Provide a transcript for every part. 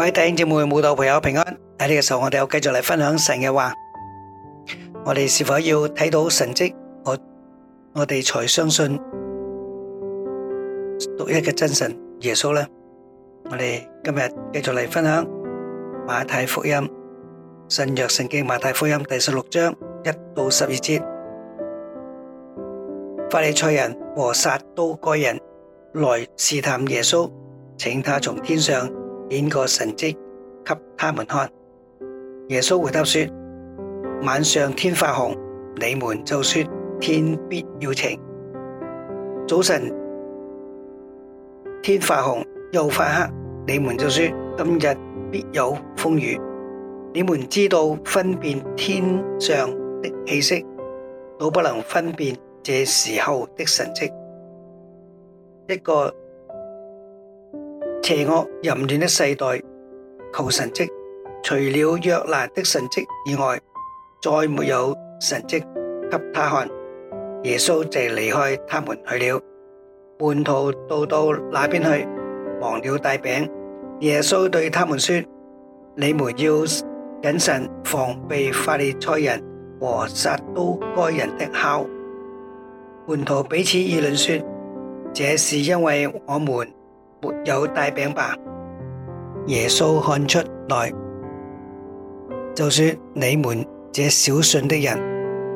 各位弟兄姊妹、信徒朋友平安！喺呢個時候，我哋又繼續嚟分享神嘅話。我哋是否要睇到神蹟，我我哋才相信獨一嘅真神耶穌呢？我哋今日繼續嚟分享馬太福音新約聖經馬太福音第十六章一到十二節。法利賽人和撒都該人來試探耶穌，請他從天上。演個神蹟給他們看。耶穌回答說：晚上天發紅，你們就說天必要晴；早晨天發紅又發黑，你們就說今日必有風雨。你們知道分辨天上的氣息，都不能分辨這時候的神蹟。一個。邪惡淫亂的世代求神蹟，除了約拿的神蹟以外，再沒有神蹟給他看。耶穌就離開他們去了。門徒到到那邊去，忘了帶餅。耶穌對他們說：你們要謹慎，防備法利賽人和撒都該人的酵。門徒彼此議論說：這是因為我們。沒有帶餅吧？耶穌看出來，就說：你們這小信的人，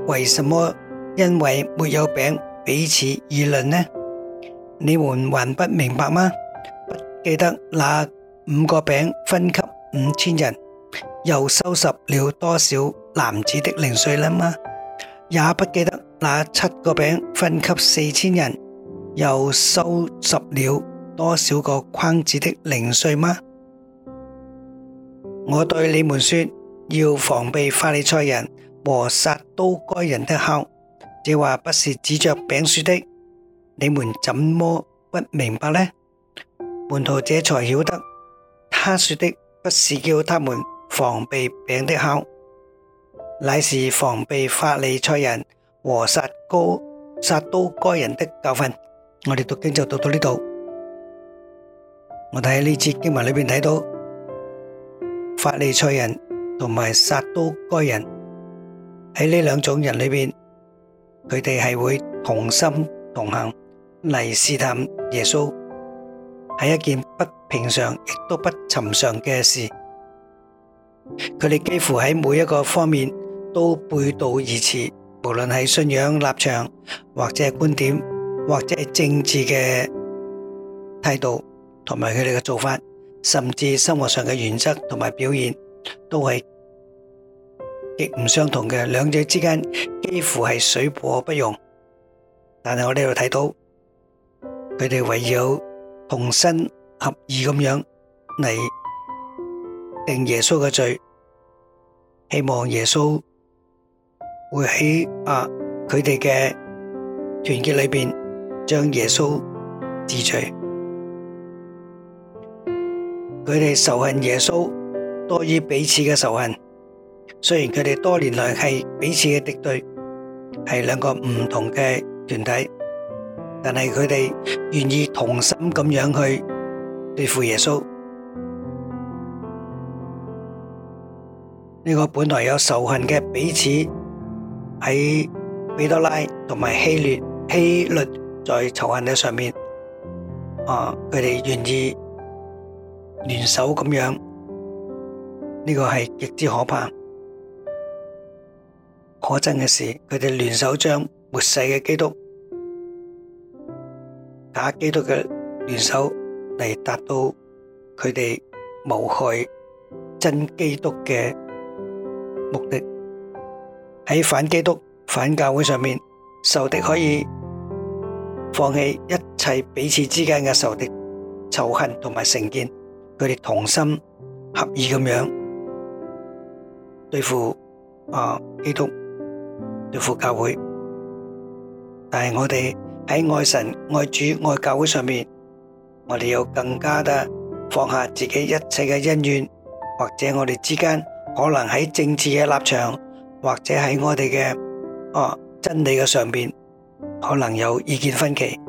為什麼因為沒有餅彼此議論呢？你們還不明白嗎？不記得那五個餅分給五千人，又收拾了多少男子的零碎粒嗎？也不記得那七個餅分給四千人，又收拾了？多少個框子的零碎嗎？我對你們說，要防備法利賽人和撒都該人的酵，這話不是指着餅說的。你們怎麼不明白呢？門徒這才曉得，他說的不是叫他們防備餅的酵，乃是防備法利賽人和撒都撒都該人的教訓。我哋讀經就讀到呢度。我哋喺呢節經文裏面，睇到，法利賽人同埋撒都該人喺呢兩種人裏面，佢哋係會同心同行嚟試探耶穌，係一件不平常亦都不尋常嘅事。佢哋幾乎喺每一個方面都背道而馳，無論係信仰立場或者係觀點或者係政治嘅態度。同埋佢哋嘅做法，甚至生活上嘅原則同埋表現，都係極唔相同嘅。兩者之間幾乎係水火不容。但係我哋又睇到，佢哋唯有同心合意咁樣嚟定耶穌嘅罪，希望耶穌會喺阿佢哋嘅團結裏邊將耶穌治除。佢哋仇恨耶穌，多於彼此嘅仇恨。雖然佢哋多年來係彼此嘅敵對，係兩個唔同嘅團體，但係佢哋願意同心咁樣去對付耶穌。呢個本來有仇恨嘅彼此喺彼拉多同埋希律，希律在仇恨嘅上面，啊，佢哋願意。聯手咁樣，呢個係極之可怕、可憎嘅事。佢哋聯手將末世嘅基督、假基督嘅聯手嚟達到佢哋謀害真基督嘅目的。喺反基督、反教會上面，仇敵可以放棄一切彼此之間嘅仇敵、仇恨同埋成見。佢哋同心合意咁樣對付啊基督對付教會，但係我哋喺愛神愛主愛教會上面，我哋又更加嘅，放下自己一切嘅恩怨，或者我哋之間可能喺政治嘅立場，或者喺我哋嘅啊真理嘅上邊，可能有意見分歧，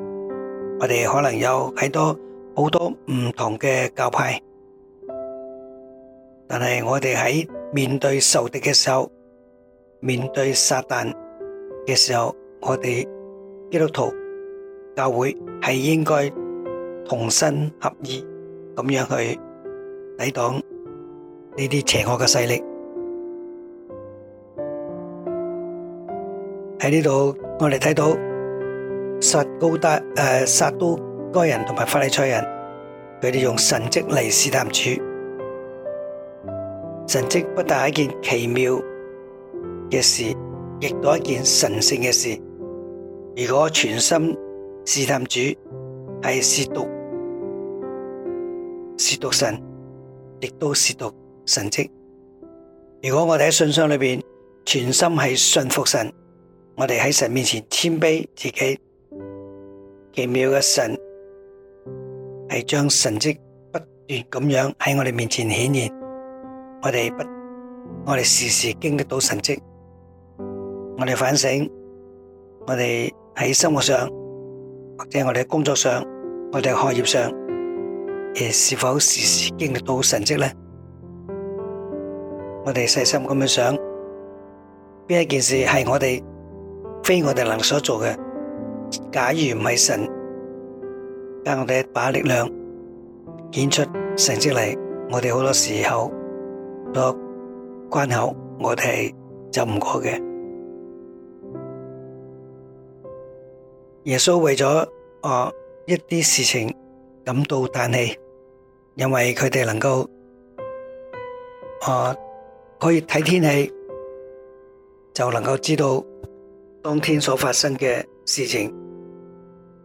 我哋可能有喺多好多唔同嘅教派。但係我哋喺面對仇敵嘅時候，面對撒旦嘅時候，我哋基督徒教會係應該同心合意咁樣去抵擋呢啲邪惡嘅勢力。喺呢度我哋睇到撒高達呃撒都該人同埋法利賽人，佢哋用神蹟嚟試探主。神蹟不但係一件奇妙嘅事，亦都係一件神聖嘅事。如果全心試探主，係褻瀆，褻瀆神，亦都是褻瀆神蹟。如果我哋喺信心裏面，全心係信服神，我哋喺神面前謙卑自己，奇妙嘅神係將神蹟不斷咁樣喺我哋面前顯現。我哋不，我哋時時經歷到神蹟。我哋反省，我哋喺生活上，或者我哋工作上，我哋學業上，誒，是否時時經歷到神蹟咧？我哋細心咁樣想，邊一件事係我哋非我哋能所做嘅？假如唔係神加我哋一把力量，顯出成績嚟，我哋好多時候。關口我哋係就唔過嘅。耶穌為咗啊一啲事情感到嘆氣，因為佢哋能夠啊可以睇天氣就能夠知道當天所發生嘅事情，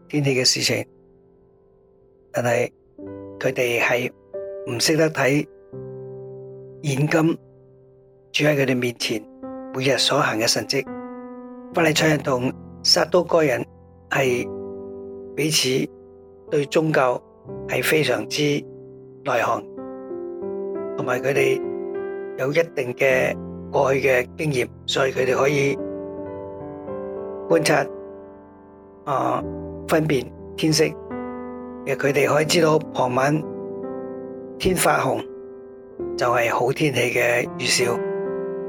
天氣嘅事情，但係佢哋係唔識得睇。現今住喺佢哋面前，每日所行嘅神蹟，法利賽人同撒都該人係彼此對宗教係非常之內行，同埋佢哋有一定嘅過去嘅經驗，所以佢哋可以觀察啊分辨天色，亦佢哋可以知道傍晚天發紅。就係好天氣嘅預兆，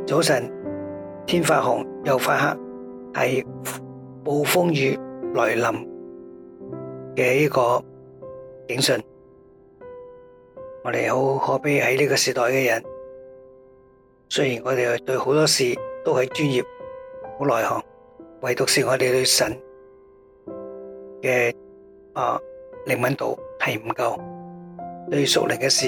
早晨天發紅又發黑，係暴風雨來臨嘅一個警訊。我哋好可悲喺呢個時代嘅人，雖然我哋對好多事都係專業好內行，唯獨是我哋對神嘅啊靈敏度係唔夠，對屬靈嘅事。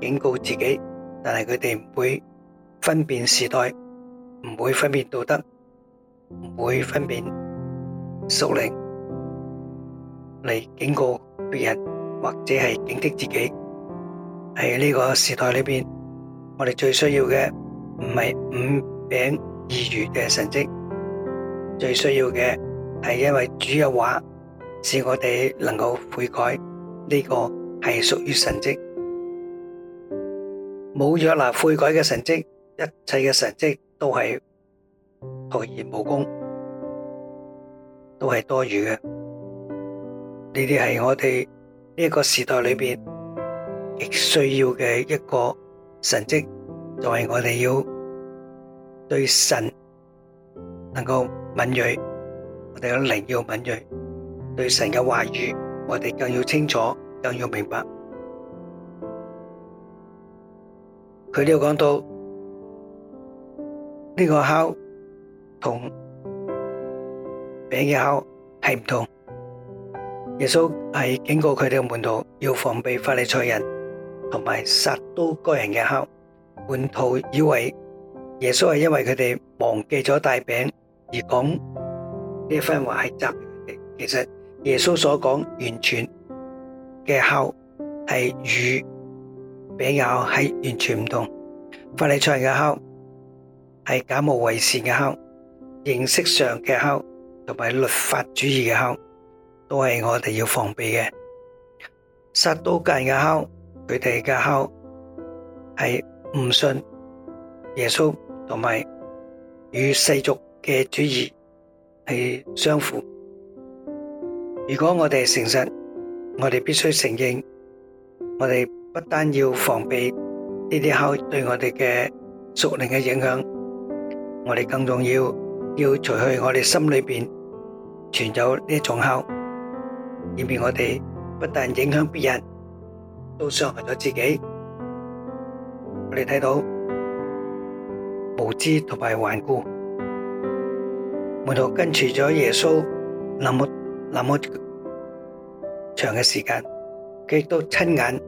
警告自己，但係佢哋唔會分辨時代，唔會分辨道德，唔會分辨宿命嚟警告別人或者係警惕自己。喺呢個時代裏邊，我哋最需要嘅唔係五餅二魚嘅神蹟，最需要嘅係因為主嘅話使我哋能夠悔改。呢個係屬於神蹟。冇約拿悔改嘅神蹟，一切嘅神蹟都係徒然無功，都係多餘嘅。呢啲係我哋呢一個時代裏邊亦需要嘅一個神蹟，就係我哋要對神能夠敏銳，我哋嘅靈要敏銳，對神嘅話語我哋更要清楚，更要明白。佢哋又講到呢個酵同餅嘅酵係唔同。耶穌係經過佢哋嘅門徒，要防備法利賽人同埋撒都該人嘅酵。門徒以為耶穌係因為佢哋忘記咗帶餅而講呢一番話，係責備佢哋。其實耶穌所講完全嘅酵係語。比較係完全唔同，法利賽嘅酵係假冒為善嘅酵，形式上嘅酵同埋律法主義嘅酵，都係我哋要防備嘅。撒都該嘅酵，佢哋嘅酵係唔信耶穌同埋與世俗嘅主義係相符。如果我哋誠實，我哋必須承認我哋。不但要防備呢啲酵對我哋嘅屬靈嘅影響，我哋更重要要除去我哋心裏邊存有呢一種酵，以免我哋不但影響別人都傷害咗自己。我哋睇到無知同埋頑固，門徒跟隨咗耶穌那麼那麼長嘅時間，佢都親眼。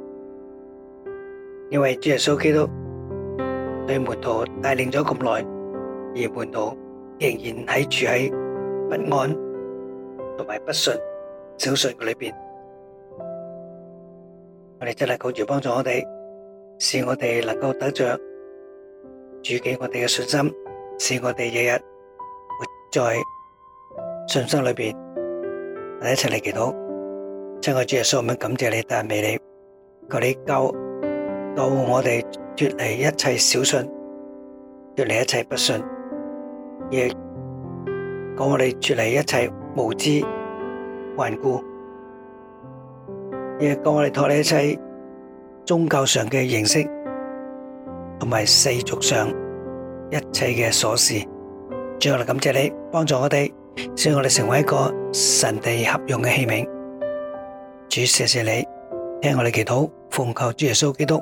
因為主耶穌基督對門徒帶領咗咁耐，而門徒仍然喺住喺不安同埋不信、小信嘅裏面，我哋真係靠住幫助我哋，使我哋能夠得着主給我哋嘅信心，使我哋日日活在信心裏面。我哋一齊嚟祈禱，親愛的主耶穌，我哋感謝你帶俾你，求你救。到我哋脫離一切小信，脫離一切不信，亦教我哋脫離一切無知、頑固，亦教我哋脫離一切宗教上嘅形式，同埋世俗上一切嘅瑣事。最後，我哋感謝你幫助我哋，使我哋成為一個神地合用嘅器皿。主，謝謝你聽我哋祈禱，奉求主耶穌基督。